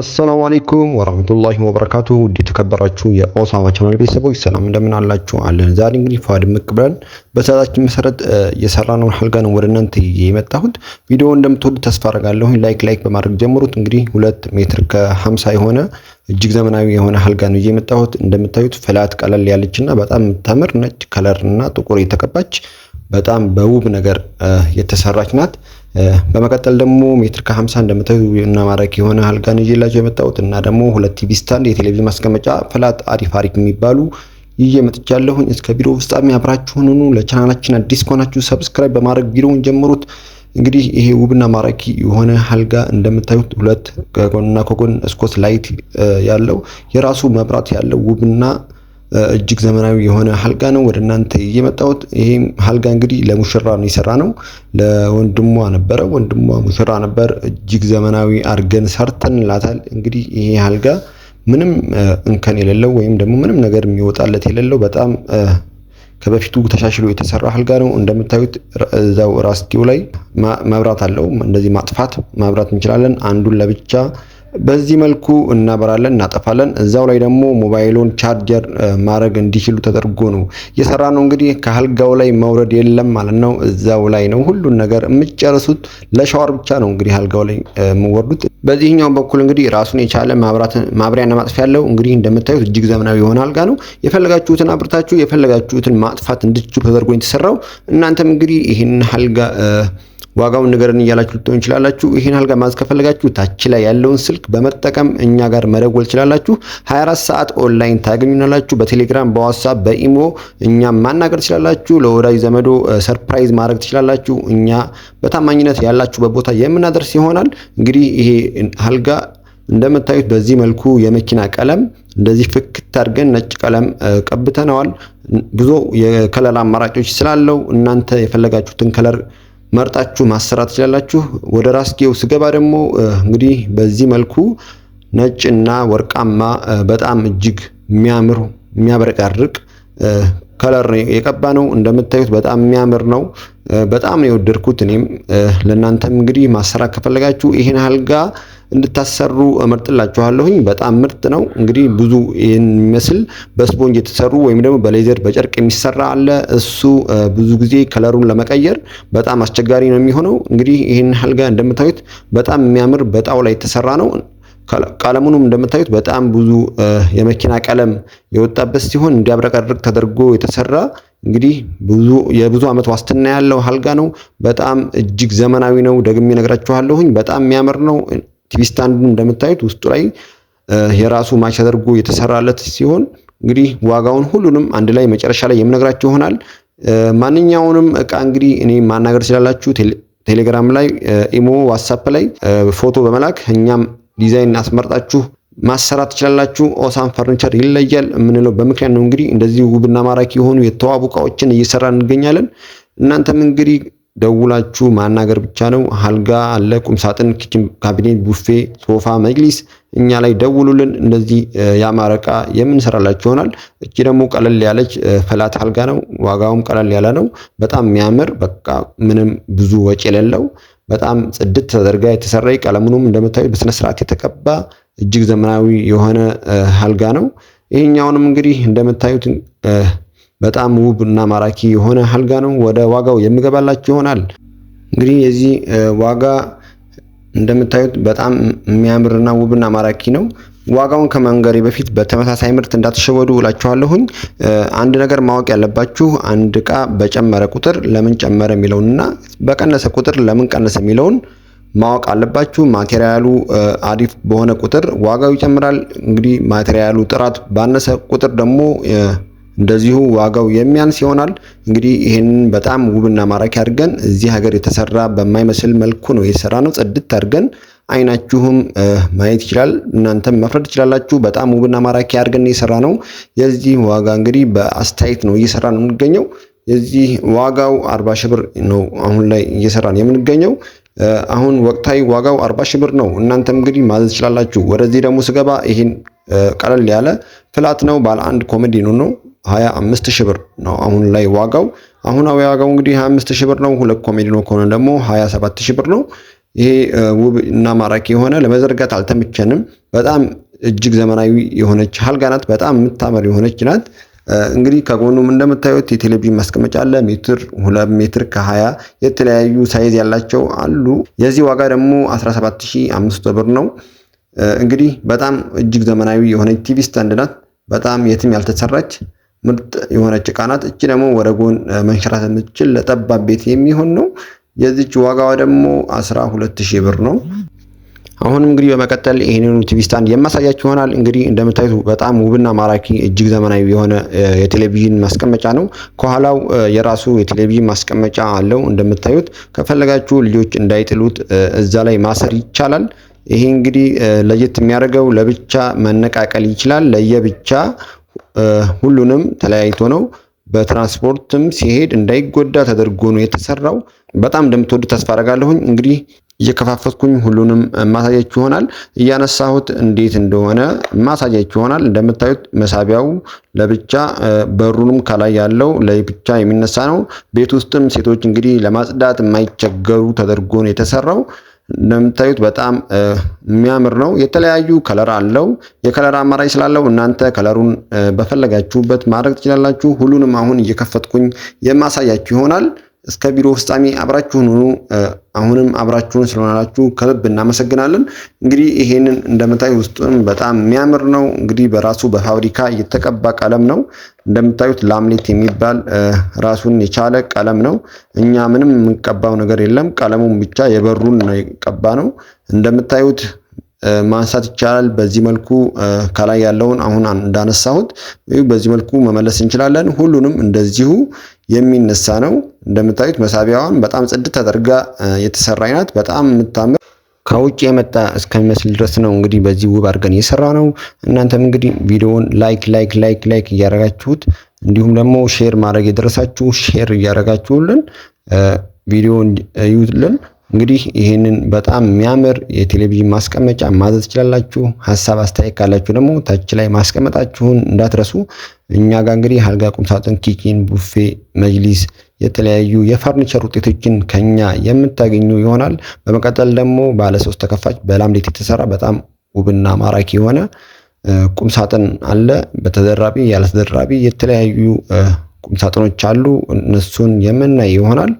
አሰላሙ አለይኩም ወራህመቱላሂ ወበረካቱ። ውድ የተከበራችሁ የኦሳማ ቻናል ቤተሰቦች ሰላም እንደምን አላችሁ? አለን ዛሬ እንግዲህ ፋድምቅ ብለን በሰዓታችን መሰረት የሰራነውን ሀልጋ ነው ወደ እናንተ የመጣሁት። ቪዲዮ እንደምትወዱ ተስፋ አደርጋለሁ። ላይክ ላይክ በማድረግ ጀምሩት። እንግዲህ ሁለት ሜትር ከ50 የሆነ እጅግ ዘመናዊ የሆነ ሀልጋ ነው ይዤ የመጣሁት። እንደምታዩት ፍላት ቀለል ያለችና በጣም የምታምር ነጭ ከለርና ጥቁር የተቀባች በጣም በውብ ነገር የተሰራች ናት። በመቀጠል ደግሞ ሜትር ከ50 እንደምታዩ እና ማራኪ የሆነ አልጋን ይዤላቸው የመጣሁት እና ደግሞ ሁለት ቲቪ ስታንድ የቴሌቪዥን ማስቀመጫ ፍላት አሪፍ አሪፍ የሚባሉ ይዤ መጥቻለሁኝ። እስከ ቢሮ ፍጻሜ አብራችሁን ሁኑ። ለቻናላችን አዲስ ከሆናችሁ ሰብስክራይብ በማድረግ ቪዲዮውን ጀምሩት። እንግዲህ ይሄ ውብና ማራኪ የሆነ አልጋ እንደምታዩት ሁለት ከጎንና ከጎን እስኮት ላይት ያለው የራሱ መብራት ያለው ውብና እጅግ ዘመናዊ የሆነ ሀልጋ ነው ወደ እናንተ እየመጣሁት። ይህም ሀልጋ እንግዲህ ለሙሽራ ነው የሰራ ነው። ለወንድሟ ነበረ፣ ወንድሟ ሙሽራ ነበር። እጅግ ዘመናዊ አድርገን ሰርተንላታል። እንግዲህ ይሄ ሀልጋ ምንም እንከን የሌለው ወይም ደግሞ ምንም ነገር የሚወጣለት የሌለው በጣም ከበፊቱ ተሻሽሎ የተሰራ ሀልጋ ነው። እንደምታዩት እዛው ራስጌው ላይ መብራት አለው። እንደዚህ ማጥፋት ማብራት እንችላለን። አንዱን ለብቻ በዚህ መልኩ እናበራለን፣ እናጠፋለን። እዛው ላይ ደግሞ ሞባይሉን ቻርጀር ማድረግ እንዲችሉ ተደርጎ ነው የሰራ ነው። እንግዲህ ከአልጋው ላይ መውረድ የለም ማለት ነው። እዛው ላይ ነው ሁሉን ነገር የምጨርሱት። ለሻወር ብቻ ነው እንግዲህ አልጋው ላይ የምወርዱት። በዚህኛው በኩል እንግዲህ ራሱን የቻለ ማብሪያና ማጥፊያ ያለው እንግዲህ እንደምታዩት እጅግ ዘመናዊ የሆነ አልጋ ነው። የፈለጋችሁትን አብርታችሁ የፈለጋችሁትን ማጥፋት እንድትችሉ ተደርጎ የተሰራው እናንተም እንግዲህ ይህን አልጋ ዋጋውን ንገረን እያላችሁ ልትሆን ይችላላችሁ። ይህን አልጋ ማስከፈልጋችሁ ከፈለጋችሁ ታች ላይ ያለውን ስልክ በመጠቀም እኛ ጋር መደወል ትችላላችሁ። 24 ሰዓት ኦንላይን ታገኙናላችሁ። በቴሌግራም በዋትሳፕ በኢሞ እኛም ማናገር ትችላላችሁ። ለወዳጅ ዘመዶ ሰርፕራይዝ ማድረግ ትችላላችሁ። እኛ በታማኝነት ያላችሁ በቦታ የምናደርስ ይሆናል። እንግዲህ ይሄ አልጋ እንደምታዩት በዚህ መልኩ የመኪና ቀለም እንደዚህ ፍክት አድርገን ነጭ ቀለም ቀብተነዋል። ብዙ የከለር አማራጮች ስላለው እናንተ የፈለጋችሁትን ከለር መርጣችሁ ማሰራት ትችላላችሁ። ወደ ራስጌው ስገባ ደግሞ እንግዲህ በዚህ መልኩ ነጭና ወርቃማ በጣም እጅግ የሚያምር የሚያብረቀርቅ ከለር የቀባ ነው። እንደምታዩት በጣም የሚያምር ነው። በጣም ነው የወደድኩት። እኔም ለእናንተም እንግዲህ ማሰራት ከፈለጋችሁ ይሄን አልጋ እንድታሰሩ እመርጥላችኋለሁኝ። በጣም ምርጥ ነው። እንግዲህ ብዙ ይህን የሚመስል በስፖንጅ የተሰሩ ወይም ደግሞ በሌዘር በጨርቅ የሚሰራ አለ። እሱ ብዙ ጊዜ ከለሩን ለመቀየር በጣም አስቸጋሪ ነው የሚሆነው። እንግዲህ ይህን አልጋ እንደምታዩት በጣም የሚያምር በጣው ላይ የተሰራ ነው። ቀለሙንም እንደምታዩት በጣም ብዙ የመኪና ቀለም የወጣበት ሲሆን እንዲያብረቀርቅ ተደርጎ የተሰራ እንግዲህ ብዙ የብዙ ዓመት ዋስትና ያለው ሀልጋ ነው። በጣም እጅግ ዘመናዊ ነው። ደግሜ እነግራችኋለሁኝ። በጣም የሚያምር ነው። ቲቪ እንደምታዩት ውስጡ ላይ የራሱ ማች ተደርጎ የተሰራለት ሲሆን እንግዲህ ዋጋውን ሁሉንም አንድ ላይ መጨረሻ ላይ የምነግራችሁ ይሆናል። ማንኛውንም እቃ እንግዲህ እኔ ማናገር ስላላችሁ ቴሌግራም ላይ፣ ኢሞ፣ ዋትሳፕ ላይ ፎቶ በመላክ እኛም ዲዛይን አስመርጣችሁ ማሰራት ትችላላችሁ። ኦሳም ፈርኒቸር ይለያል የምንለው በምክንያት ነው። እንግዲህ እንደዚህ ውብና ማራኪ የሆኑ የተዋቡ እቃዎችን እየሰራ እንገኛለን። እናንተም እንግዲህ ደውላችሁ ማናገር ብቻ ነው። አልጋ አለ፣ ቁምሳጥን፣ ኪችን ካቢኔት፣ ቡፌ፣ ሶፋ፣ መጅሊስ እኛ ላይ ደውሉልን። እንደዚህ ያማረ እቃ የምንሰራላችሁ ይሆናል። እቺ ደግሞ ቀለል ያለች ፈላት አልጋ ነው። ዋጋውም ቀለል ያለ ነው። በጣም የሚያምር በቃ ምንም ብዙ ወጪ የሌለው በጣም ጽድት ተደርጋ የተሰራ ቀለሙንም እንደምታዩት በስነ ስርዓት የተቀባ እጅግ ዘመናዊ የሆነ ሀልጋ ነው። ይህኛውንም እንግዲህ እንደምታዩት በጣም ውብ እና ማራኪ የሆነ ሀልጋ ነው። ወደ ዋጋው የምገባላችሁ ይሆናል። እንግዲህ የዚህ ዋጋ እንደምታዩት በጣም የሚያምርና ውብና ማራኪ ነው። ዋጋውን ከመንገሬ በፊት በተመሳሳይ ምርት እንዳትሸወዱ እላችኋለሁኝ። አንድ ነገር ማወቅ ያለባችሁ አንድ እቃ በጨመረ ቁጥር ለምን ጨመረ የሚለውንና በቀነሰ ቁጥር ለምን ቀነሰ የሚለውን ማወቅ አለባችሁ። ማቴሪያሉ አሪፍ በሆነ ቁጥር ዋጋው ይጨምራል። እንግዲህ ማቴሪያሉ ጥራት ባነሰ ቁጥር ደግሞ እንደዚሁ ዋጋው የሚያንስ ይሆናል። እንግዲህ ይህንን በጣም ውብና ማራኪ አድርገን እዚህ ሀገር የተሰራ በማይመስል መልኩ ነው የተሰራ ነው ጽድት አድርገን አይናችሁም ማየት ይችላል። እናንተም መፍረድ ትችላላችሁ። በጣም ውብና ማራኪ አድርገን የሰራ ነው። የዚህ ዋጋ እንግዲህ በአስተያየት ነው እየሰራ ነው የምንገኘው። የዚህ ዋጋው አርባ ሺህ ብር ነው አሁን ላይ እየሰራን የምንገኘው። አሁን ወቅታዊ ዋጋው አርባ ሺህ ብር ነው። እናንተም እንግዲህ ማዘዝ ይችላላችሁ። ወደዚህ ደግሞ ስገባ ይህን ቀለል ያለ ፍላት ነው ባለ አንድ ኮሜዲ ነው። ሀያ አምስት ሺህ ብር ነው አሁን ላይ ዋጋው። አሁናዊ ዋጋው እንግዲህ 25 አምስት ሺህ ብር ነው። ሁለት ኮሜዲ ነው ከሆነ ደግሞ ሀያ ሰባት ሺህ ብር ነው። ይሄ ውብ እና ማራኪ የሆነ ለመዘርጋት አልተመቸንም። በጣም እጅግ ዘመናዊ የሆነች ሀልጋ ናት። በጣም የምታምር የሆነች ናት። እንግዲህ ከጎኑም እንደምታዩት የቴሌቪዥን ማስቀመጫ አለ። ሜትር ሁለት ሜትር ከሀያ የተለያዩ ሳይዝ ያላቸው አሉ። የዚህ ዋጋ ደግሞ 17500 ብር ነው። እንግዲህ በጣም እጅግ ዘመናዊ የሆነች ቲቪ ስታንድ ናት። በጣም የትም ያልተሰራች ምርጥ የሆነች እቃ ናት። እቺ ደግሞ ወደ ጎን መንሸራት የምትችል ለጠባብ ቤት የሚሆን ነው። የዚች ዋጋዋ ደግሞ 12000 ብር ነው። አሁንም እንግዲህ በመቀጠል ይህንን ቲቪ ስታንድ የማሳያችሁ ይሆናል። እንግዲህ እንደምታዩት በጣም ውብና ማራኪ እጅግ ዘመናዊ የሆነ የቴሌቪዥን ማስቀመጫ ነው። ከኋላው የራሱ የቴሌቪዥን ማስቀመጫ አለው። እንደምታዩት ከፈለጋችሁ ልጆች እንዳይጥሉት እዛ ላይ ማሰር ይቻላል። ይሄ እንግዲህ ለየት የሚያደርገው ለብቻ መነቃቀል ይችላል፣ ለየብቻ ሁሉንም ተለያይቶ ነው። በትራንስፖርትም ሲሄድ እንዳይጎዳ ተደርጎ ነው የተሰራው። በጣም እንደምትወዱ ተስፋ አረጋለሁኝ። እንግዲህ እየከፋፈትኩኝ ሁሉንም ማሳያችሁ ይሆናል። እያነሳሁት እንዴት እንደሆነ ማሳያችሁ ይሆናል። እንደምታዩት መሳቢያው ለብቻ፣ በሩንም ከላይ ያለው ለብቻ የሚነሳ ነው። ቤት ውስጥም ሴቶች እንግዲህ ለማጽዳት የማይቸገሩ ተደርጎ ነው የተሰራው። እንደምታዩት በጣም የሚያምር ነው። የተለያዩ ከለር አለው። የከለር አማራጭ ስላለው እናንተ ከለሩን በፈለጋችሁበት ማድረግ ትችላላችሁ። ሁሉንም አሁን እየከፈትኩኝ የማሳያችሁ ይሆናል። እስከ ቢሮ ፍጻሜ አብራችሁን ሁኑ። አሁንም አብራችሁን ስለሆናላችሁ ከልብ እናመሰግናለን። እንግዲህ ይሄንን እንደምታዩ ውስጡም በጣም የሚያምር ነው። እንግዲህ በራሱ በፋብሪካ የተቀባ ቀለም ነው። እንደምታዩት ላምሌት የሚባል ራሱን የቻለ ቀለም ነው። እኛ ምንም የምንቀባው ነገር የለም። ቀለሙን ብቻ የበሩን ነው የቀባ ነው። እንደምታዩት ማንሳት ይቻላል። በዚህ መልኩ ከላይ ያለውን አሁን እንዳነሳሁት በዚህ መልኩ መመለስ እንችላለን። ሁሉንም እንደዚሁ የሚነሳ ነው። እንደምታዩት መሳቢያዋን በጣም ጽድት ተደርጋ የተሰራ አይነት በጣም የምታምር ከውጭ የመጣ እስከሚመስል ድረስ ነው እንግዲህ በዚህ ውብ አድርገን እየሰራ ነው። እናንተም እንግዲህ ቪዲዮውን ላይክ ላይክ ላይክ ላይክ እያደረጋችሁት እንዲሁም ደግሞ ሼር ማድረግ የደረሳችሁ ሼር እያደረጋችሁልን ቪዲዮውን እዩልን። እንግዲህ ይህንን በጣም የሚያምር የቴሌቪዥን ማስቀመጫ ማዘዝ ትችላላችሁ። ሀሳብ አስተያየት ካላችሁ ደግሞ ታች ላይ ማስቀመጣችሁን እንዳትረሱ። እኛ ጋር እንግዲህ አልጋ፣ ቁምሳጥን፣ ኪችን፣ ቡፌ፣ መጅሊስ የተለያዩ የፈርኒቸር ውጤቶችን ከኛ የምታገኙ ይሆናል። በመቀጠል ደግሞ ባለ ሶስት ተከፋች በላምሌት የተሰራ በጣም ውብና ማራኪ የሆነ ቁምሳጥን አለ። በተደራቢ ያለተደራቢ የተለያዩ ቁምሳጥኖች አሉ። እነሱን የምናይ ይሆናል።